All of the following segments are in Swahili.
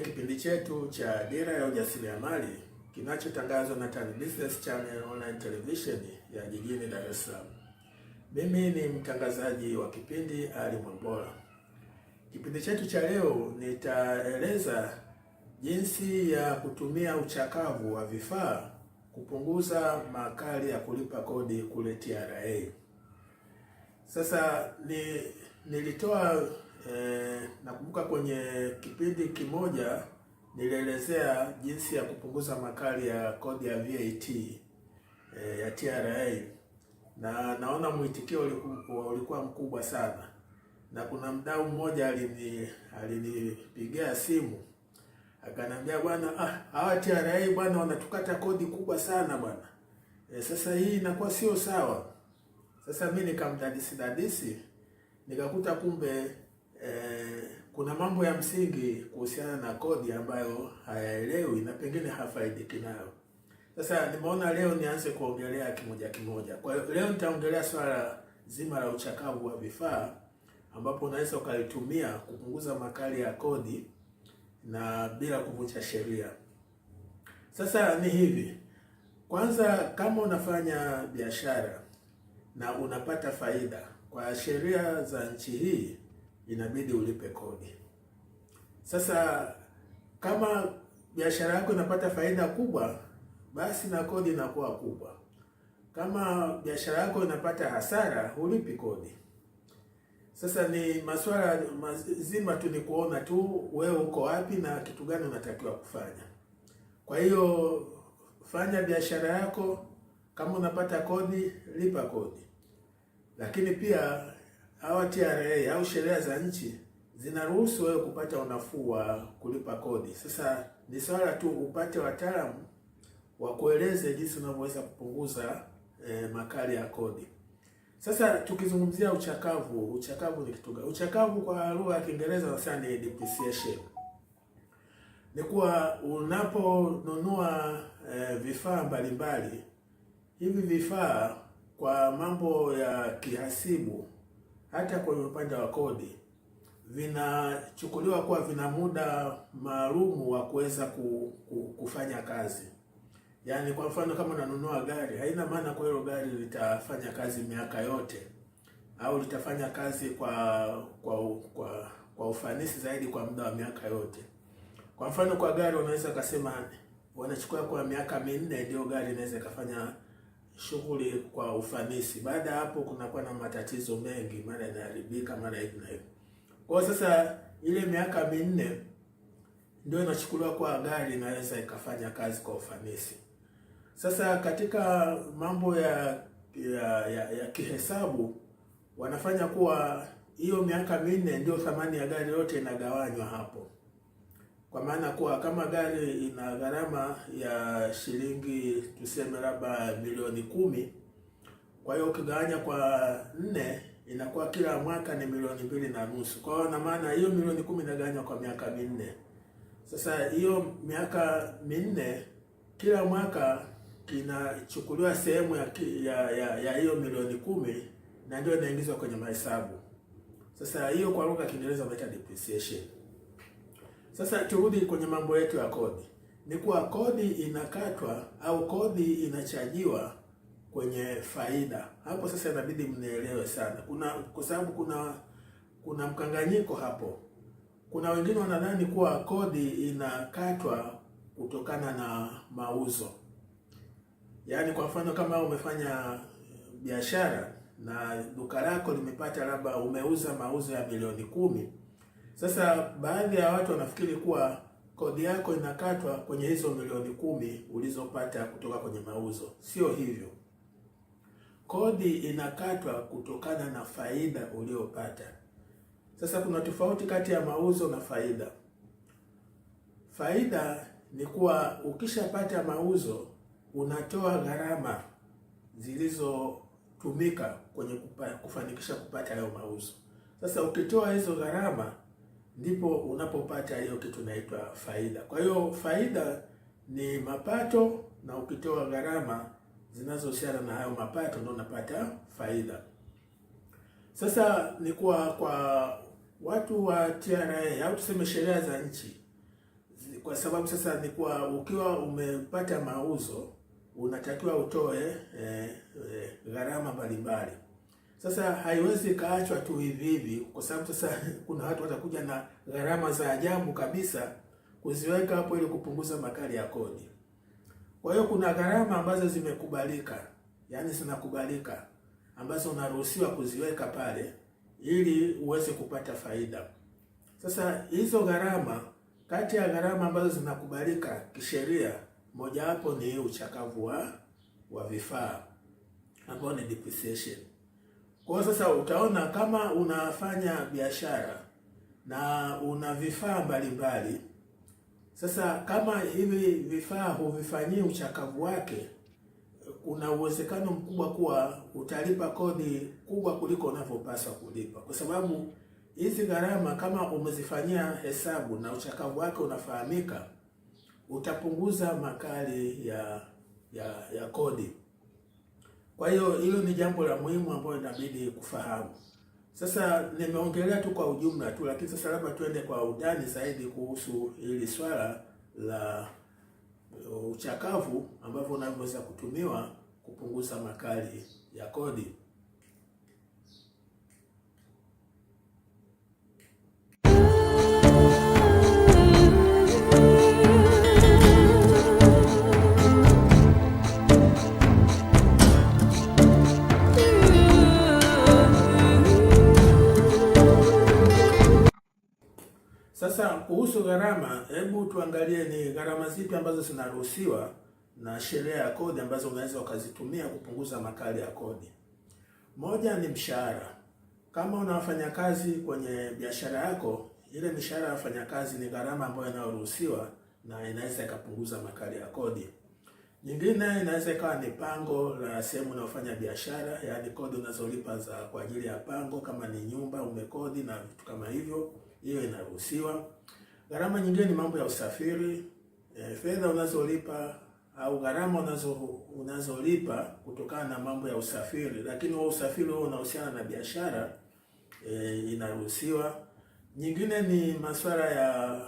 kwenye kipindi chetu cha Dira ya Ujasiriamali kinachotangazwa na Tan Business Channel online television ya jijini Dar es Salaam. Mimi ni mtangazaji wa kipindi Ali Mwambola. Kipindi chetu cha leo nitaeleza jinsi ya kutumia uchakavu wa vifaa kupunguza makali ya kulipa kodi kule TRA. Sasa ni nilitoa E, nakumbuka kwenye kipindi kimoja nilielezea jinsi ya kupunguza makali ya kodi ya VAT e, eh, ya TRA na naona mwitikio ulikuwa, ulikuwa mkubwa sana, na kuna mdau mmoja alini alinipigia simu akaniambia, bwana ah, hawa TRA bwana wanatukata kodi kubwa sana bwana e, sasa hii inakuwa sio sawa. Sasa mi nikamdadisi dadisi nikakuta kumbe Eh, kuna mambo ya msingi kuhusiana na kodi ambayo hayaelewi na pengine hafaidiki nayo. Sasa nimeona leo nianze kuongelea kimoja kimoja. Kwa hiyo leo nitaongelea swala zima la uchakavu wa vifaa ambapo unaweza ukalitumia kupunguza makali ya kodi na bila kuvunja sheria. Sasa ni hivi, kwanza, kama unafanya biashara na unapata faida, kwa sheria za nchi hii inabidi ulipe kodi. Sasa kama biashara yako inapata faida kubwa, basi na kodi inakuwa kubwa. Kama biashara yako inapata hasara, hulipi kodi. Sasa ni masuala mazima tu, ni kuona tu wewe uko wapi na kitu gani unatakiwa kufanya. Kwa hiyo fanya biashara yako, kama unapata kodi lipa kodi, lakini pia hawa TRA au sheria za nchi zinaruhusu wewe kupata unafuu wa kulipa kodi. Sasa ni swala tu upate wataalamu wakueleze jinsi unavyoweza kupunguza e, makali ya kodi. Sasa tukizungumzia uchakavu, uchakavu ni kitu gani? Uchakavu kwa lugha ya Kiingereza wanasema ni depreciation. Ni kuwa unaponunua e, vifaa mbalimbali hivi vifaa kwa mambo ya kihasibu hata kwenye upande wa kodi vinachukuliwa kuwa vina muda maalumu wa kuweza ku, ku, kufanya kazi. Yaani kwa mfano kama unanunua gari, haina maana kwa hilo gari litafanya kazi miaka yote au litafanya kazi kwa kwa kwa, kwa ufanisi zaidi kwa muda wa miaka yote. Kwa mfano kwa gari unaweza kusema wanachukua kwa miaka minne ndio gari inaweza ikafanya shughuli kwa ufanisi. Baada ya hapo, kunakuwa na matatizo mengi, mara inaharibika, mara hivi na hivi. Kwa sasa ile miaka minne ndio inachukuliwa kwa gari inaweza ikafanya kazi kwa ufanisi. Sasa katika mambo ya ya, ya, ya kihesabu wanafanya kuwa hiyo miaka minne ndio thamani ya gari yote inagawanywa hapo kwa maana kuwa kama gari ina gharama ya shilingi tuseme labda milioni kumi, kwa hiyo ukigawanya kwa nne inakuwa kila mwaka ni milioni mbili na nusu. Kwa hiyo na maana hiyo milioni kumi inagawanywa kwa miaka minne. Sasa hiyo miaka minne kila mwaka kinachukuliwa sehemu ya ya ya, ya hiyo milioni kumi na ndio inaingizwa kwenye mahesabu. Sasa hiyo kwa lugha ya Kiingereza wanaita depreciation. Sasa turudi kwenye mambo yetu ya kodi, ni kuwa kodi inakatwa au kodi inachajiwa kwenye faida. Hapo sasa inabidi mnielewe sana, kuna kwa sababu kuna kuna mkanganyiko hapo. Kuna wengine wanadhani kuwa kodi inakatwa kutokana na mauzo, yaani kwa mfano kama umefanya biashara na duka lako limepata labda umeuza mauzo ya milioni kumi sasa baadhi ya watu wanafikiri kuwa kodi yako inakatwa kwenye hizo milioni kumi ulizopata kutoka kwenye mauzo. Sio hivyo, kodi inakatwa kutokana na faida uliyopata. Sasa kuna tofauti kati ya mauzo na faida. Faida ni kuwa ukishapata mauzo unatoa gharama zilizotumika kwenye kupa, kufanikisha kupata hayo mauzo. Sasa ukitoa hizo gharama ndipo unapopata hiyo kitu inaitwa faida. Kwa hiyo faida ni mapato, na ukitoa gharama zinazohusiana na hayo mapato ndio unapata faida. Sasa ni kwa kwa watu wa TRA au tuseme sheria za nchi, kwa sababu sasa ni kwa ukiwa umepata mauzo unatakiwa utoe eh, eh, gharama mbalimbali. Sasa haiwezi kaachwa tu hivi hivi, kwa sababu sasa kuna watu watakuja na gharama za ajabu kabisa kuziweka hapo ili kupunguza makali ya kodi. Kwa hiyo kuna gharama ambazo zimekubalika, yaani zinakubalika, ambazo unaruhusiwa kuziweka pale ili uweze kupata faida. Sasa hizo gharama, kati ya gharama ambazo zinakubalika kisheria, mojawapo ni uchakavu wa wa vifaa ambao ni depreciation. Kwa sasa utaona kama unafanya biashara na una vifaa mbalimbali. Sasa kama hivi vifaa huvifanyii uchakavu wake, kuna uwezekano mkubwa kuwa utalipa kodi kubwa kuliko unavyopaswa kulipa, kwa sababu hizi gharama kama umezifanyia hesabu na uchakavu wake unafahamika, utapunguza makali ya ya ya kodi. Kwa hiyo hilo ni jambo la muhimu ambalo inabidi kufahamu. Sasa nimeongelea tu kwa ujumla tu, lakini sasa labda tuende kwa udani zaidi kuhusu hili swala la uchakavu ambavyo unavyoweza kutumiwa kupunguza makali ya kodi. kuhusu gharama, hebu tuangalie ni gharama zipi ambazo zinaruhusiwa na sheria ya kodi ambazo unaweza ukazitumia kupunguza makali ya kodi. Moja ni mshahara. Kama una wafanyakazi kwenye biashara yako, ile mishahara ya wafanyakazi ni gharama ambayo inayoruhusiwa na inaweza ikapunguza makali ya kodi. Nyingine inaweza ikawa ni pango la sehemu unayofanya biashara, yaani kodi unazolipa za kwa ajili ya pango, kama ni nyumba umekodi na vitu kama hivyo, hiyo inaruhusiwa. Gharama nyingine ni mambo ya usafiri e, fedha unazolipa au gharama unazo unazolipa kutokana na mambo ya usafiri, lakini wa usafiri huo unahusiana na biashara e, inaruhusiwa. Nyingine ni masuala ya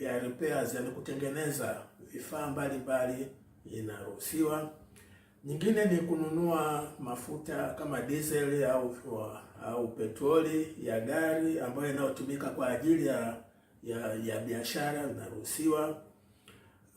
ya repairs, yani kutengeneza vifaa mbalimbali inaruhusiwa. Nyingine ni kununua mafuta kama diesel au au petroli ya gari ambayo inayotumika kwa ajili ya ya, ya biashara zinaruhusiwa.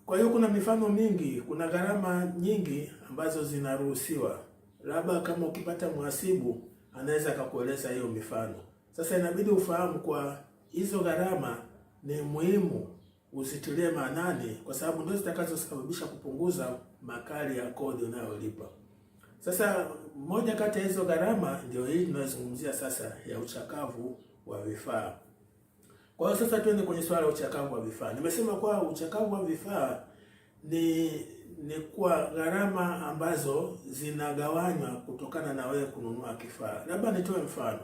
Kwa hiyo kuna mifano mingi, kuna gharama nyingi ambazo zinaruhusiwa. Labda kama ukipata mhasibu anaweza akakueleza hiyo mifano. Sasa inabidi ufahamu kwa hizo gharama ni muhimu usitilie maanani, kwa sababu ndio zitakazosababisha kupunguza makali ya kodi unayolipa. Sasa moja kati ya hizo gharama ndio hii tunayozungumzia sasa, ya uchakavu wa vifaa. Kwa hiyo sasa tuende kwenye swala la uchakavu wa vifaa. Nimesema kwa uchakavu wa vifaa ni ni kwa gharama ambazo zinagawanywa kutokana na wewe kununua kifaa. Labda nitoe mfano.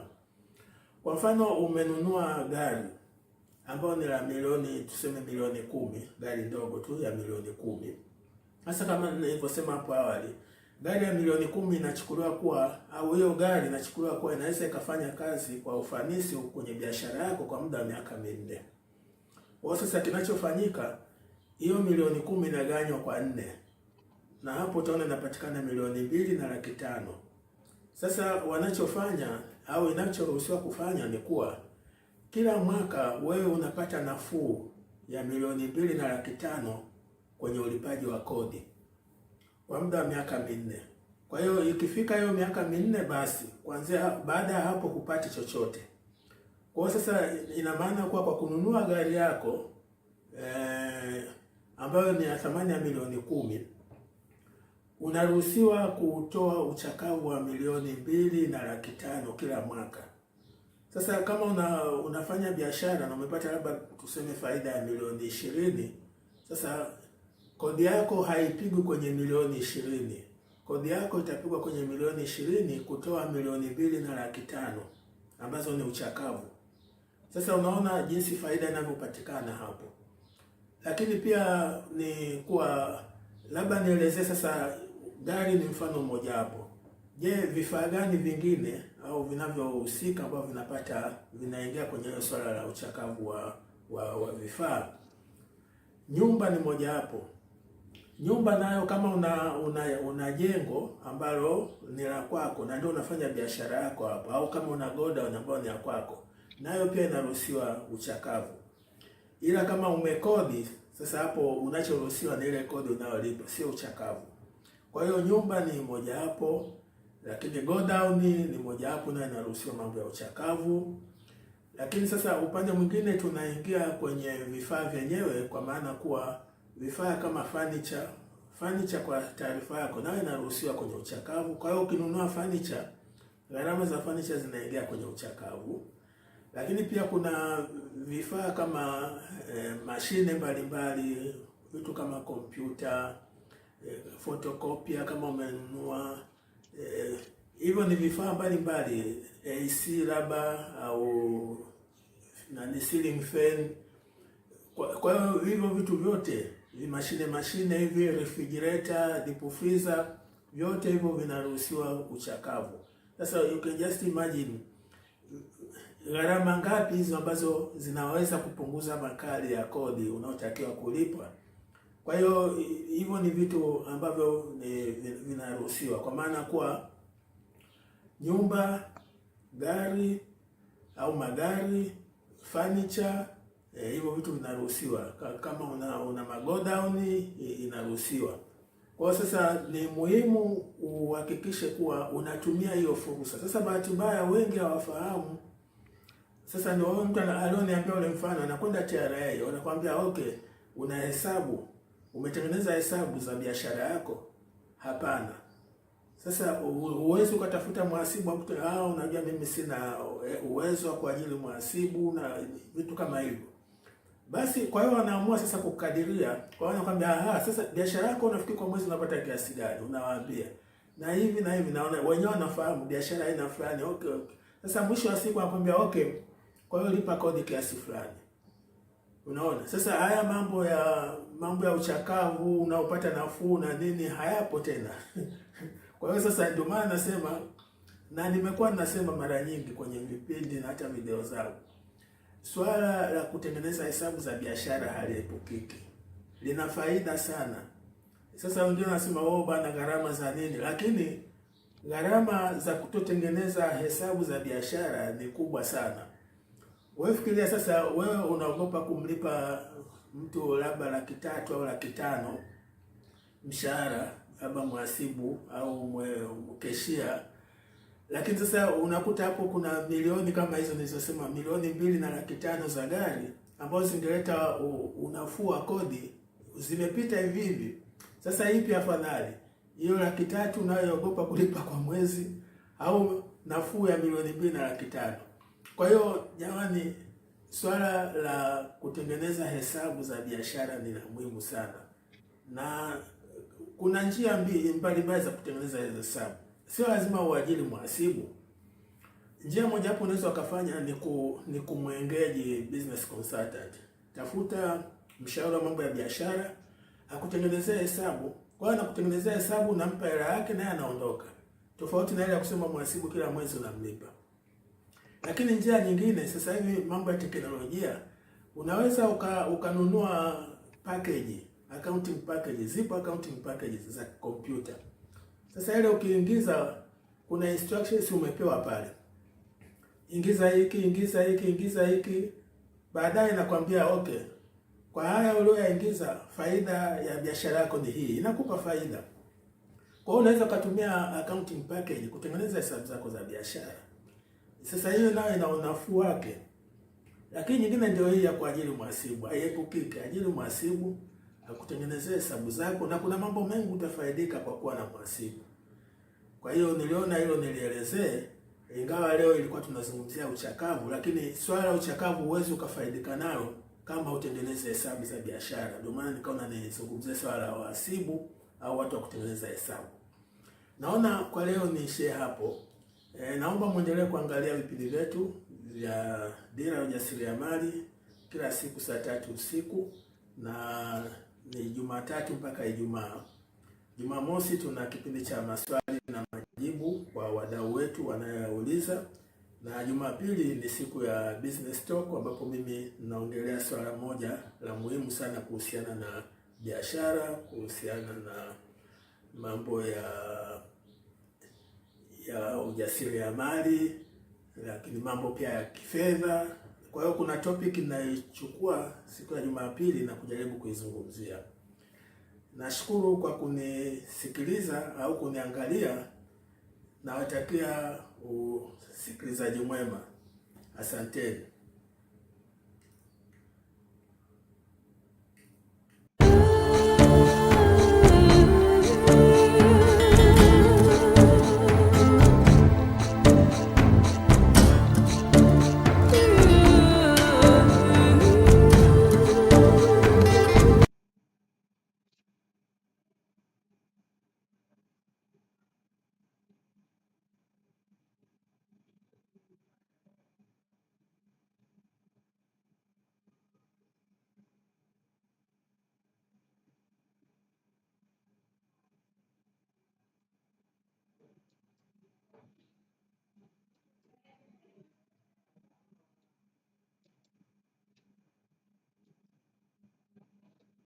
Kwa mfano umenunua gari ambayo ni la milioni tuseme milioni kumi, gari ndogo tu ya milioni kumi. Sasa kama nilivyosema hapo awali, gari ya milioni kumi inachukuliwa kuwa au hiyo gari inachukuliwa kuwa inaweza ikafanya kazi kwa ufanisi kwenye biashara yako kwa muda wa miaka minne. Kwa sasa kinachofanyika, hiyo milioni kumi inaganywa kwa nne, na hapo utaona inapatikana milioni mbili na laki tano. Sasa wanachofanya au inachoruhusiwa kufanya ni kuwa kila mwaka wewe unapata nafuu ya milioni mbili na laki tano kwenye ulipaji wa kodi kwa muda wa miaka minne. Kwa hiyo ikifika hiyo miaka minne, basi kuanzia baada ya hapo hupati chochote. Kwa hiyo sasa ina maana kuwa kwa kununua gari yako eh, ambayo ni ya thamani ya milioni kumi unaruhusiwa kutoa uchakavu wa milioni mbili na laki tano kila mwaka. Sasa kama una, unafanya biashara na umepata labda tuseme faida ya milioni ishirini, sasa Kodi yako haipigwi kwenye milioni ishirini. Kodi yako itapigwa kwenye milioni ishirini kutoa milioni mbili na laki tano ambazo ni uchakavu. Sasa unaona jinsi faida inavyopatikana hapo, lakini pia ni kuwa labda nielezee sasa, gari ni mfano mmoja hapo. Je, vifaa gani vingine au vinavyohusika ambavyo vinapata vinaingia kwenye swala la uchakavu wa, wa, wa vifaa? Nyumba ni mojawapo nyumba nayo kama una, una, una jengo ambalo ni la kwako na ndio unafanya biashara yako hapo, au kama una goda ambayo ni ya kwako, nayo pia inaruhusiwa uchakavu, ila kama umekodi sasa, hapo unachoruhusiwa ni ile kodi unayolipa, sio uchakavu. Kwa hiyo nyumba ni mojawapo, lakini godown ni mojawapo nayo inaruhusiwa mambo ya uchakavu. Lakini sasa upande mwingine tunaingia kwenye vifaa vyenyewe, kwa maana kuwa vifaa kama furniture. Furniture kwa taarifa yako, nayo inaruhusiwa kwenye uchakavu. Kwa hiyo ukinunua furniture, gharama za furniture zinaingia kwenye uchakavu. Lakini pia kuna vifaa kama e, mashine mbalimbali, vitu kama kompyuta e, eh, fotokopia kama umenunua eh, hivyo e, ni vifaa mbalimbali, AC laba au nani, ceiling fan. Kwa hiyo hivyo vitu vyote mashine mashine hivi refrigerator, deep freezer, vyote hivyo vinaruhusiwa uchakavu. Sasa you can just imagine gharama ngapi hizo ambazo zinaweza kupunguza makali ya kodi unaotakiwa kulipa. Kwa hiyo hivyo ni vitu ambavyo vinaruhusiwa, kwa maana kuwa nyumba, gari au magari, furniture E, hivyo e, vitu vinaruhusiwa. Kama una, una magodown inaruhusiwa. Kwa sasa ni muhimu uhakikishe kuwa unatumia hiyo fursa. Sasa bahati mbaya wengi hawafahamu. Sasa ndio mtu alioniambia ule mfano, anakwenda TRA, wanakuambia okay, hesabu umetengeneza hesabu za biashara yako? Hapana. Sasa huwezi ukatafuta mhasibu ah, unajua mimi sina e, uwezo kwa ajili mhasibu na vitu kama hivyo. Basi kwa hiyo wanaamua sasa kukadiria. Kwa hiyo wanakwambia ah, sasa biashara yako unafikiri kwa mwezi unapata kiasi gani? Unawaambia na hivi na hivi, naona wenyewe wanafahamu biashara aina fulani. Okay, okay. Sasa mwisho wa siku anakwambia okay, kwa hiyo lipa kodi kiasi fulani. Unaona sasa, haya mambo ya mambo ya uchakavu unaopata nafuu na nini hayapo tena. Kwa hiyo sasa ndio maana nasema na nimekuwa nasema mara nyingi kwenye vipindi na hata video zangu Swala la kutengeneza hesabu za biashara haliepukiki, lina faida sana. Sasa wengine wanasema wao oh, bana gharama za nini, lakini gharama za kutotengeneza hesabu za biashara ni kubwa sana. Wewe fikiria sasa, wewe unaogopa kumlipa mtu labda laki tatu au laki tano mshahara, labda mhasibu au mwe, mkeshia lakini sasa unakuta hapo kuna milioni kama hizo nilizosema, milioni mbili na laki tano za gari ambazo zingeleta unafuu wa kodi zimepita hivi hivi. Sasa ipi afadhali, hiyo laki tatu unayoogopa kulipa kwa mwezi au nafuu ya milioni mbili na laki tano? Kwa hiyo jamani, swala la kutengeneza hesabu za biashara ni la muhimu sana, na kuna njia mbili mbalimbali za kutengeneza hesabu sio lazima uajiri mhasibu. Njia moja hapo unaweza ukafanya ni ku, ni kumwengeji business consultant. Tafuta mshauri wa mambo ya biashara akutengenezea hesabu, kwa hiyo anakutengenezea hesabu, nampa hela yake naye anaondoka, tofauti na ile ya kusema mhasibu kila mwezi unamlipa. Lakini njia nyingine, sasa hivi mambo ya teknolojia, unaweza uka, ukanunua package accounting package. Zipo accounting packages za computer sasa ile ukiingiza kuna instructions umepewa pale, ingiza hiki, ingiza hiki, ingiza hiki. Baadaye nakwambia okay, kwa haya ulioyaingiza, faida ya biashara yako ni hii, inakupa faida. Kwa hiyo unaweza ukatumia accounting package kutengeneza hesabu zako za biashara. Sasa hiyo nayo ina unafuu wake, lakini nyingine ndio hii ya kuajiri mhasibu, haiepukiki. Ajiri mhasibu akutengenezea hesabu zako, na kuna mambo mengi utafaidika kwa kuwa na mhasibu. Kwa hiyo niliona hilo nilielezee, ingawa leo ilikuwa tunazungumzia uchakavu, lakini swala la uchakavu huwezi ukafaidika nalo kama utengeneze hesabu za biashara. Ndio maana nikaona nizungumzie swala la wahasibu au watu wa kutengeneza hesabu. Naona kwa leo niishie hapo. E, naomba mwendelee kuangalia vipindi vyetu vya Dira ya Ujasiriamali kila siku saa tatu usiku na ni Jumatatu mpaka Ijumaa. Jumamosi tuna kipindi cha maswali na majibu kwa wadau wetu wanayouliza, na Jumapili ni siku ya business talk ambapo mimi naongelea swala moja la muhimu sana kuhusiana na biashara, kuhusiana na mambo ya ya ujasiriamali, lakini mambo pia ya kifedha kwa hiyo kuna topic ninayochukua siku ya Jumapili na kujaribu kuizungumzia. Nashukuru kwa kunisikiliza au kuniangalia. Nawatakia usikilizaji mwema. Asanteni.